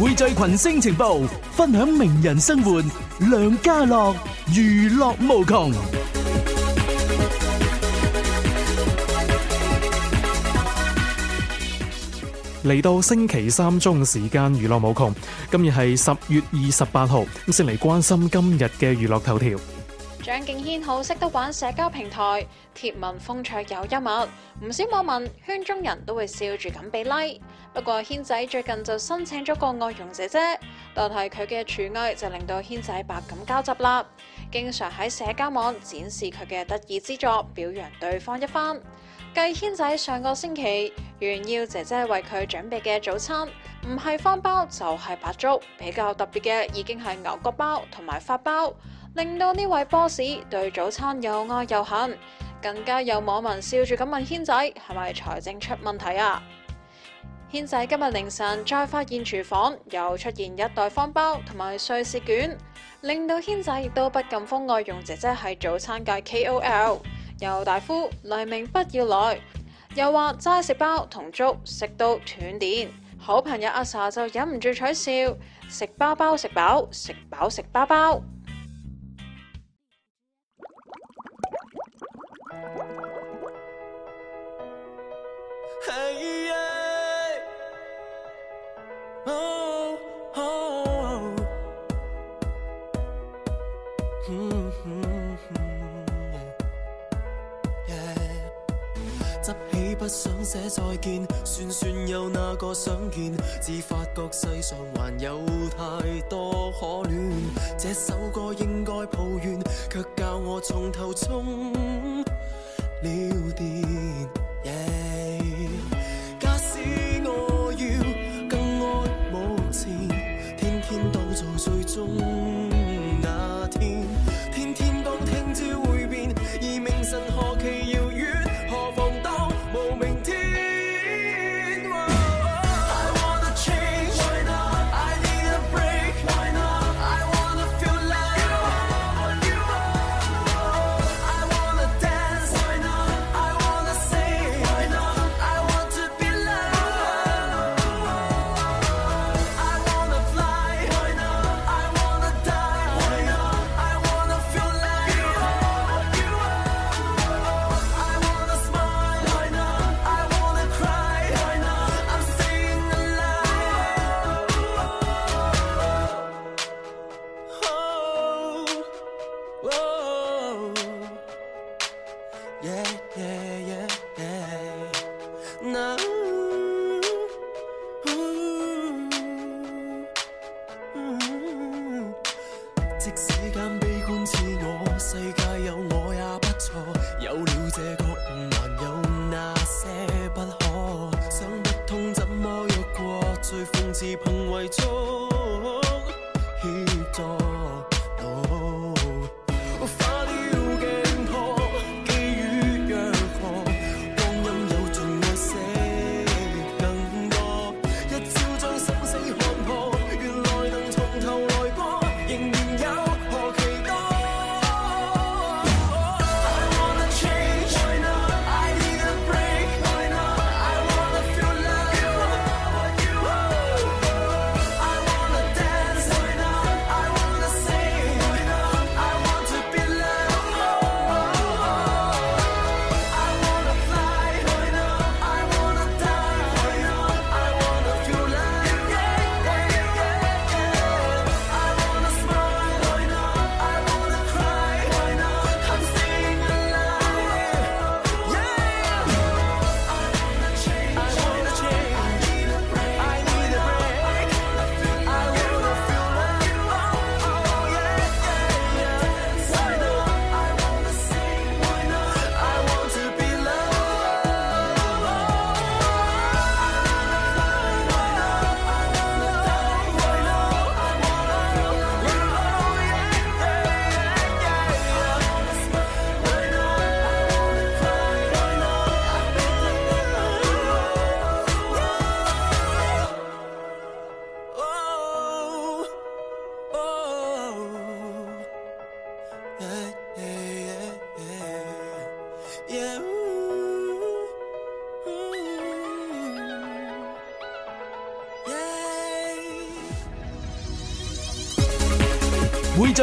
匯聚群星情報，分享名人生活，梁家樂，娛樂無窮。嚟到星期三中嘅時間，娛樂無窮。今日係十月二十八號，我先嚟關心今日嘅娛樂頭條。張敬軒好識得玩社交平台，貼文風趣又幽默，唔少網民、圈中人都會笑住咁俾 like。不過軒仔最近就申請咗個外傭姐姐，但係佢嘅廚藝就令到軒仔百感交集啦。經常喺社交網展示佢嘅得意之作，表揚對方一番。繼軒仔上個星期炫耀，姐姐為佢準備嘅早餐，唔係方包就係、是、白粥。比較特別嘅已經係牛角包同埋法包，令到呢位 boss 對早餐又愛又恨。更加有網民笑住咁問軒仔係咪財政出問題啊？軒仔今日凌晨再發現廚房又出現一袋方包同埋瑞士卷，令到軒仔亦都不禁封愛用姐姐係早餐界 K O L。又大呼黎明不要來，又話齋食包同粥食到斷電，好朋友阿 sa 就忍唔住取笑，食包包食飽，食飽食包包。Hey, yeah. Oh, oh. 執起不想寫再見，算算有哪個想見？至發覺世上還有太多可戀，這首歌應該抱怨，卻教我從頭充了電。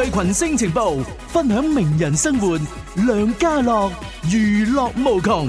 聚群星情報，分享名人生活，梁家樂，娛樂無窮。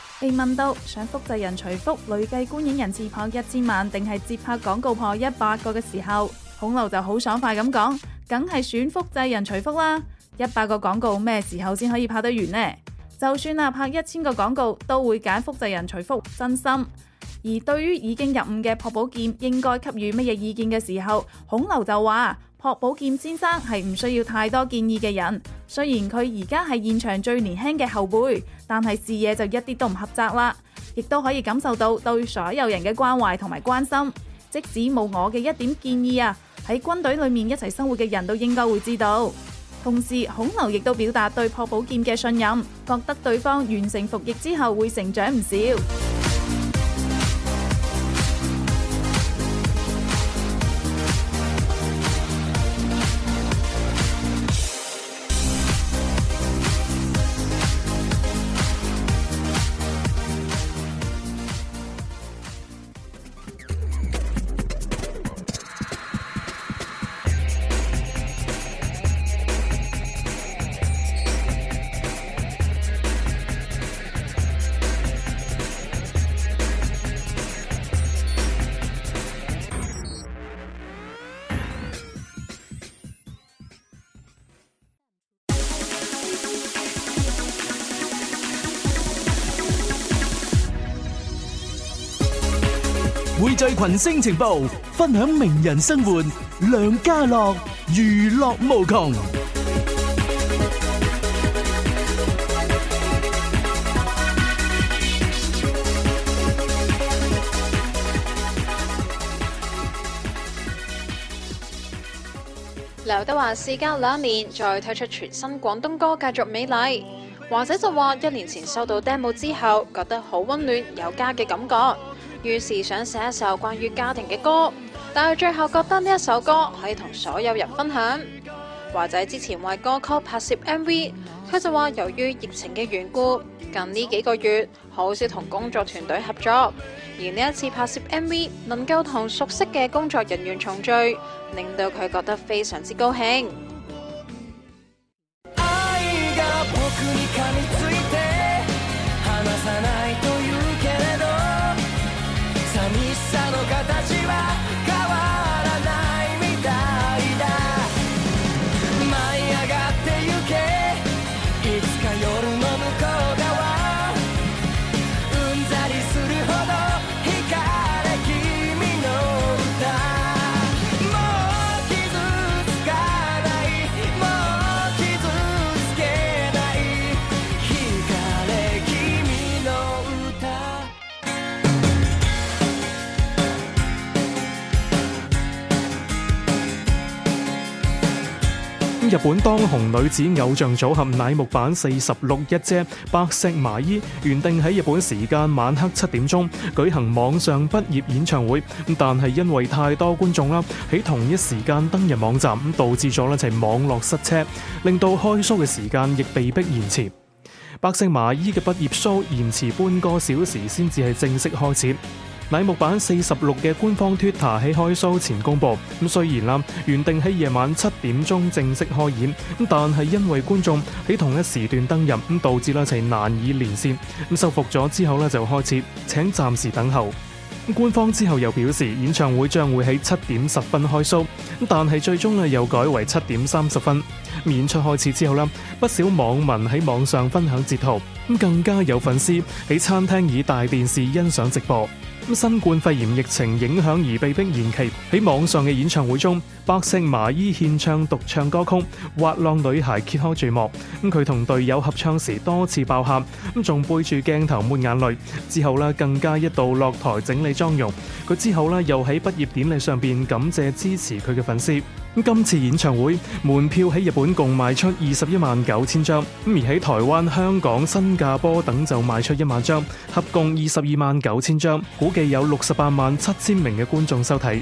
被問到想複製人徐福累計觀影人次破一千萬，定係接拍廣告破一百個嘅時候，孔劉就好爽快咁講，梗係選複製人徐福啦！一百個廣告咩時候先可以拍得完呢？就算啊拍一千個廣告，都會揀複製人徐福，真心。而對於已經入伍嘅朴寶劍，應該給予乜嘢意見嘅時候，孔劉就話。樸寶劍先生係唔需要太多建議嘅人，雖然佢而家係現場最年輕嘅後輩，但係視野就一啲都唔狹窄啦，亦都可以感受到對所有人嘅關懷同埋關心。即使冇我嘅一點建議啊，喺軍隊裏面一齊生活嘅人都應該會知道。同時，孔劉亦都表達對樸寶劍嘅信任，覺得對方完成服役之後會成長唔少。聚群星情報，分享名人生活，梁家樂娛樂無窮。劉德華事隔兩年再推出全新廣東歌《繼續美麗》，華仔就話：一年前收到 demo 之後，覺得好溫暖，有家嘅感覺。於是想寫一首關於家庭嘅歌，但係最後覺得呢一首歌可以同所有人分享。華仔之前為歌曲拍攝 MV，佢就話由於疫情嘅緣故，近呢幾個月好少同工作團隊合作，而呢一次拍攝 MV 能夠同熟悉嘅工作人員重聚，令到佢覺得非常之高興。愛日本當紅女子偶像組合乃木坂四十六一姐白石麻衣原定喺日本時間晚黑七點鐘舉行網上畢業演唱會，咁但係因為太多觀眾啦，喺同一時間登入網站，咁導致咗咧就係網絡塞車，令到開 show 嘅時間亦被逼延遲。白石麻衣嘅畢業 show 延遲半個小時先至係正式開始。乃木坂四十六嘅官方推特喺開 show 前公佈咁，雖然啦原定喺夜晚七點鐘正式開演咁，但係因為觀眾喺同一時段登入咁，導致咧一齊難以連線咁，修復咗之後就開始請暫時等候。官方之後又表示演唱會將會喺七點十分開 show 咁，但係最終又改為七點三十分。演出開始之後，不少網民喺網上分享截圖咁，更加有粉絲喺餐廳以大電視欣賞直播。咁新冠肺炎疫情影響而被迫延期喺網上嘅演唱會中，白石麻衣獻唱獨唱歌曲《滑浪女孩》揭開序幕。咁佢同隊友合唱時多次爆喊，咁仲背住鏡頭抹眼淚，之後呢更加一度落台整理妝容。佢之後呢又喺畢業典禮上邊感謝支持佢嘅粉絲。今次演唱會門票喺日本共賣出二十一萬九千張，咁而喺台灣、香港、新加坡等就賣出一萬張，合共二十二萬九千張，估計有六十八萬七千名嘅觀眾收睇。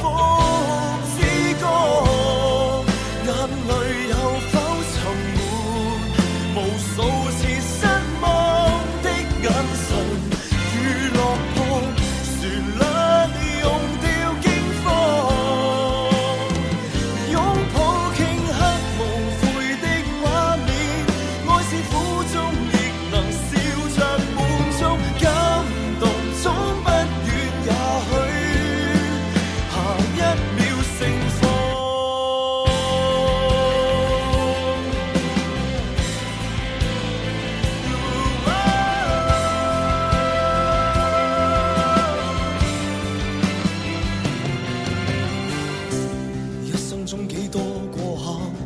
中幾多過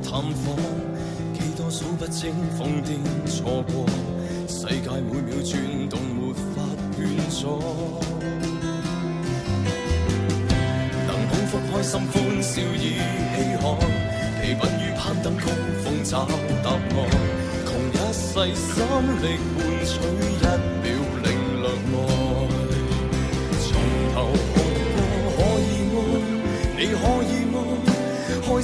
客探訪，幾多數不清瘋癲錯過，世界每秒轉動，沒法圈阻。能捧腹開心歡笑已稀罕，豈不於攀登高峰找答案？窮一世心力換取一秒領略愛，從頭。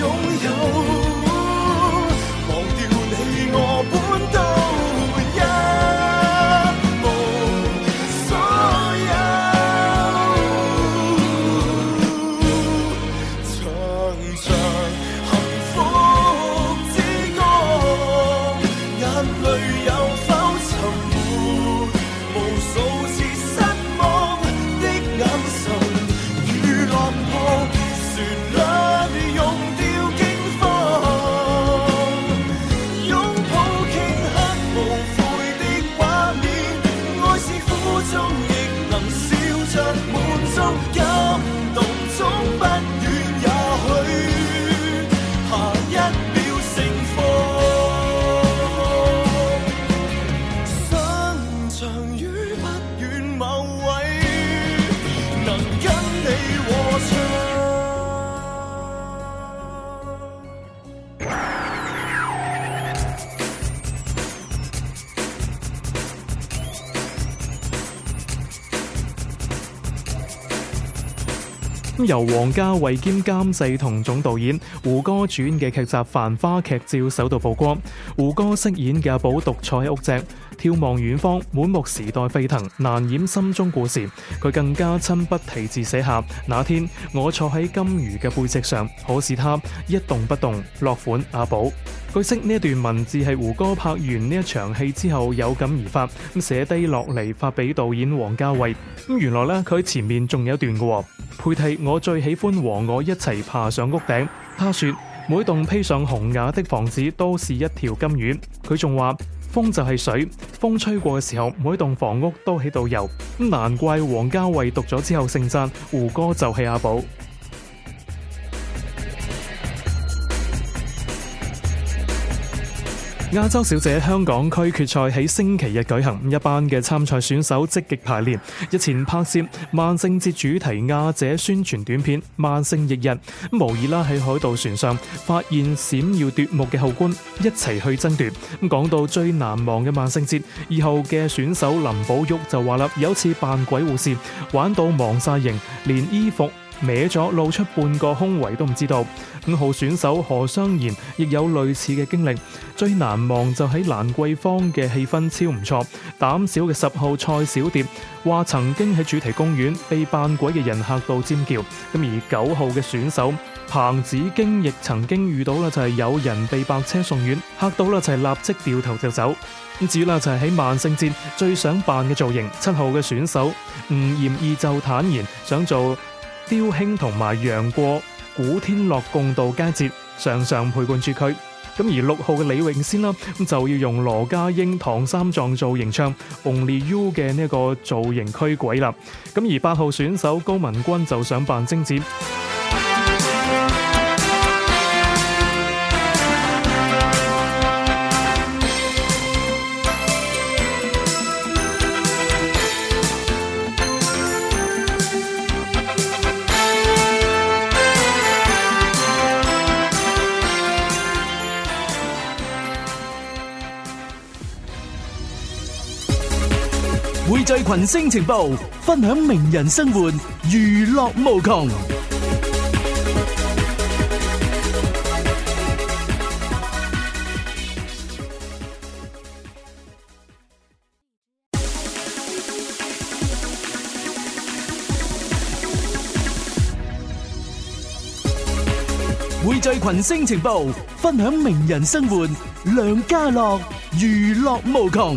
永遠。勇敢能不跟你和唱。由王家衛兼監製，同總導演胡歌主演嘅劇集《繁花劇照》劇照首度曝光，胡歌飾演嘅阿寶獨坐喺屋脊。眺望遠方，滿目時代沸騰，難掩心中故事。佢更加親筆題字寫下：那天我坐喺金魚嘅背脊上，可是他一動不動。落款阿寶。據悉呢段文字係胡歌拍完呢一場戲之後有感而發，咁寫低落嚟發俾導演王家衛。原來呢，佢前面仲有一段嘅喎。配替我最喜歡和我一齊爬上屋頂。他說每棟披上紅瓦的房子都是一條金魚。佢仲話。風就係水，風吹過嘅時候，每一棟房屋都喺度游，難怪王家衛讀咗之後盛讚胡歌就係阿寶。亞洲小姐香港區決賽喺星期日舉行，一班嘅參賽選手積極排練。日前拍攝萬聖節主題亞姐宣傳短片《萬聖翌日》，無疑啦喺海盜船上發現閃耀奪目嘅后冠，一齊去爭奪。咁講到最難忘嘅萬聖節，二號嘅選手林寶玉就話啦：有次扮鬼護士，玩到忘晒形，連衣服。歪咗露出半個胸圍都唔知道。五號選手何商言亦有類似嘅經歷。最難忘就喺蘭桂坊嘅氣氛超唔錯。膽小嘅十號蔡小蝶話曾經喺主題公園被扮鬼嘅人嚇到尖叫。咁而九號嘅選手彭子京亦曾經遇到啦，就係有人被白車送院，嚇到啦就係立即掉頭就走。咁至於啦就係喺萬聖節最想扮嘅造型，七號嘅選手吳艷義就坦言想做，雕兄同埋楊過、古天樂共度佳節，常常陪伴住佢。咁而六號嘅李詠先啦，咁就要用羅家英、唐三藏造型唱《Only You》嘅呢一個造型驅鬼啦。咁而八號選手高文君就想扮貞子。匯聚群星情報，分享名人生活，娛樂無窮。匯聚群星情報，分享名人生活，梁家樂，娛樂無窮。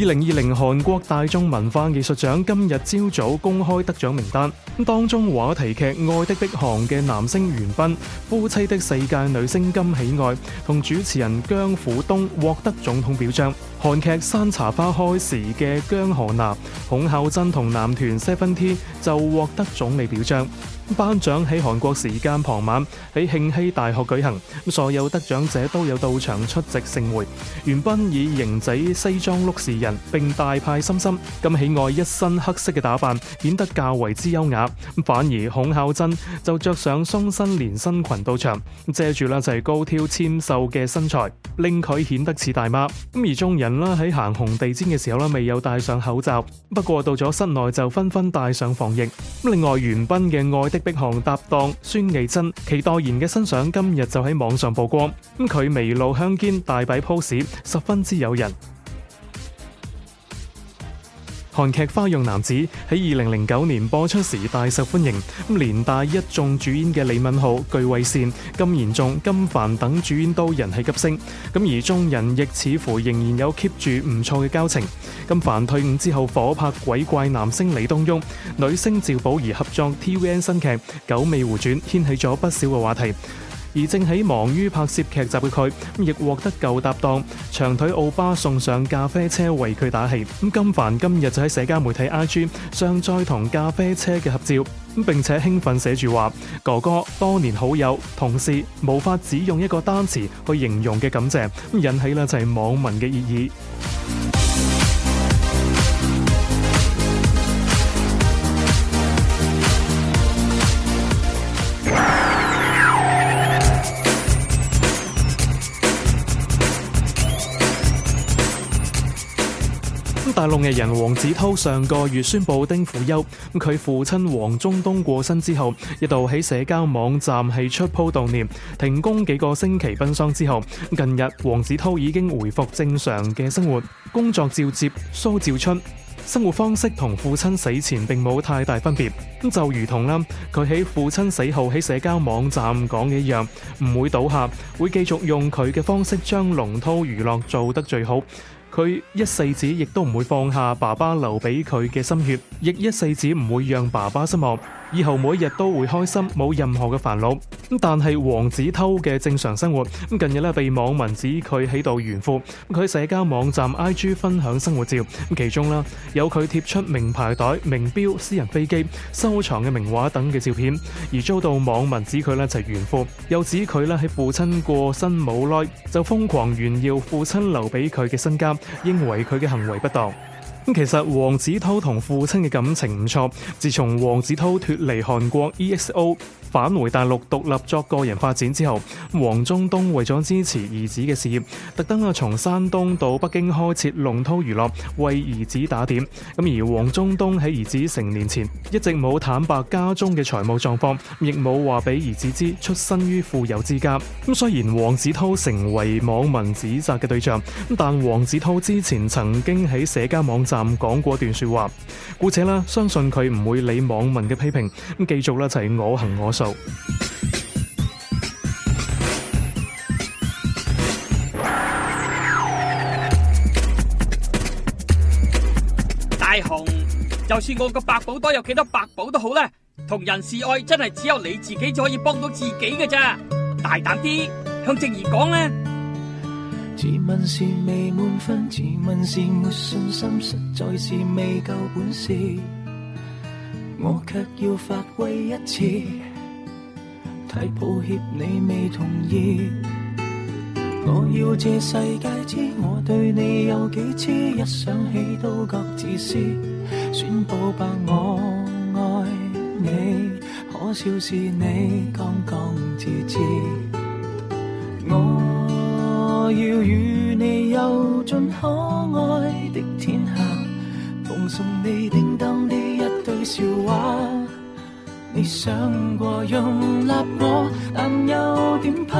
二零二零韓國大眾文化藝術獎今日朝早公開得獎名單，當中話題劇《愛的的航》嘅男星元彬、夫妻的世界女星金喜愛同主持人姜虎東獲得總統表彰；韓劇《山茶花開時》嘅姜河娜、孔孝真同男團 Seven t 就獲得總理表彰。頒獎喺韓國時間傍晚喺慶熙大學舉行，所有得獎者都有到場出席盛會。元彬以型仔西裝碌士人，並大派心心，咁喜愛一身黑色嘅打扮，顯得較為之優雅。反而孔孝真就着上鬆身連身裙到場，遮住啦就係高挑纖瘦嘅身材，令佢顯得似大媽。咁而眾人啦喺行紅地毯嘅時候咧，未有戴上口罩，不過到咗室內就紛紛戴上防疫。另外元彬嘅愛的外碧航搭檔孫藝珍，其代言嘅新相今日就喺網上曝光。咁佢微露香肩，大擺 pose，十分之誘人。韓劇《花樣男子》喺二零零九年播出時大受歡迎，咁連帶一眾主演嘅李敏浩、具惠善、金賢重、金範等主演都人氣急升。咁而眾人亦似乎仍然有 keep 住唔錯嘅交情。金範退伍之後，火拍鬼怪男星李棟旭、女星趙寶兒合作 TVN 新劇《九尾狐傳》，掀起咗不少嘅話題。而正喺忙於拍攝劇集嘅佢，亦獲得舊搭檔長腿奧巴送上咖啡車為佢打氣。咁金凡今日就喺社交媒體 IG 上載同咖啡車嘅合照，並且興奮寫住話：哥哥多年好友同事，無法只用一個單詞去形容嘅感謝，引起啦就係網民嘅熱議。龍藝人黃子韜上個月宣布丁父憂，佢父親黃宗東過身之後，一度喺社交網站係出鋪悼念，停工幾個星期奔喪之後，近日黃子韜已經回復正常嘅生活，工作照接 show 照出，生活方式同父親死前並冇太大分別，咁就如同啦，佢喺父親死後喺社交網站講嘅一樣，唔會倒下，會繼續用佢嘅方式將龍韜娛樂做得最好。佢一世子亦都唔會放下爸爸留畀佢嘅心血，亦一世子唔會讓爸爸失望。以後每日都會開心，冇任何嘅煩惱。咁但係王子偷嘅正常生活，咁近日咧被網民指佢喺度炫富。佢喺社交網站 I G 分享生活照，咁其中有佢貼出名牌袋、名錶、私人飛機、收藏嘅名畫等嘅照片，而遭到網民指佢咧就炫富，又指佢咧喺父親過身冇耐就瘋狂炫耀父親留俾佢嘅身家，認為佢嘅行為不當。其實黃子韜同父親嘅感情唔錯，自從黃子韜脱離韓國 EXO。返回大陸獨立作個人發展之後，黃忠東為咗支持兒子嘅事業，特登啊從山東到北京開設龍韜娛樂為兒子打點，咁而黃忠東喺兒子成年前一直冇坦白家中嘅財務狀況，亦冇話俾兒子知出身於富有之家。咁雖然黃子韜成為網民指責嘅對象，但黃子韜之前曾經喺社交網站講過段說話，故且啦，相信佢唔會理網民嘅批評，咁繼續啦，就係我行我。大雄，就算我個百寶袋有幾多百寶都好啦，同人示愛真係只有你自己就可以幫到自己嘅咋，大膽啲向靜兒講啊！自問是未滿分，自問是沒信心，實在是未夠本事，我卻要發揮一次。太抱歉，你未同意。我要這世界知我對你有幾癡，一想起都覺自私。宣布吧，我愛你，可笑是你剛剛至知。我要與你遊盡可愛的天下，奉送你叮當的一堆笑話。你想過用辣我，但有點怕，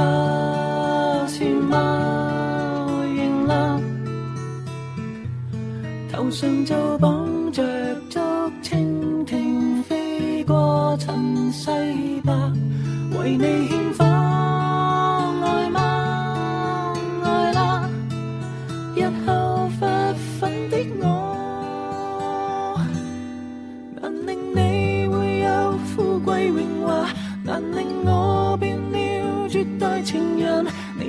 是嗎？迎難，頭上就綁着竹蜻蜓，飛過塵世吧，為你。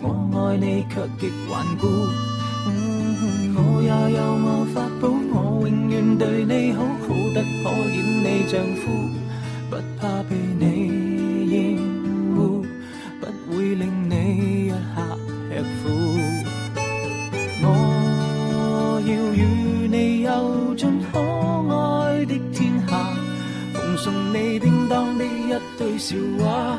我愛你，卻極頑固。嗯嗯、我也有我法寶，我永遠對你好，好得可染你丈夫，不怕被你厭惡，嗯、不會令你一下吃苦。嗯、我要與你遊盡可愛的天下，嗯嗯、奉送你叮當的一堆笑話。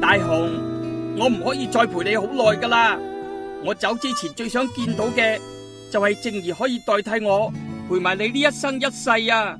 大雄，我唔可以再陪你好耐噶啦，我走之前最想見到嘅就係靜兒可以代替我陪埋你呢一生一世啊！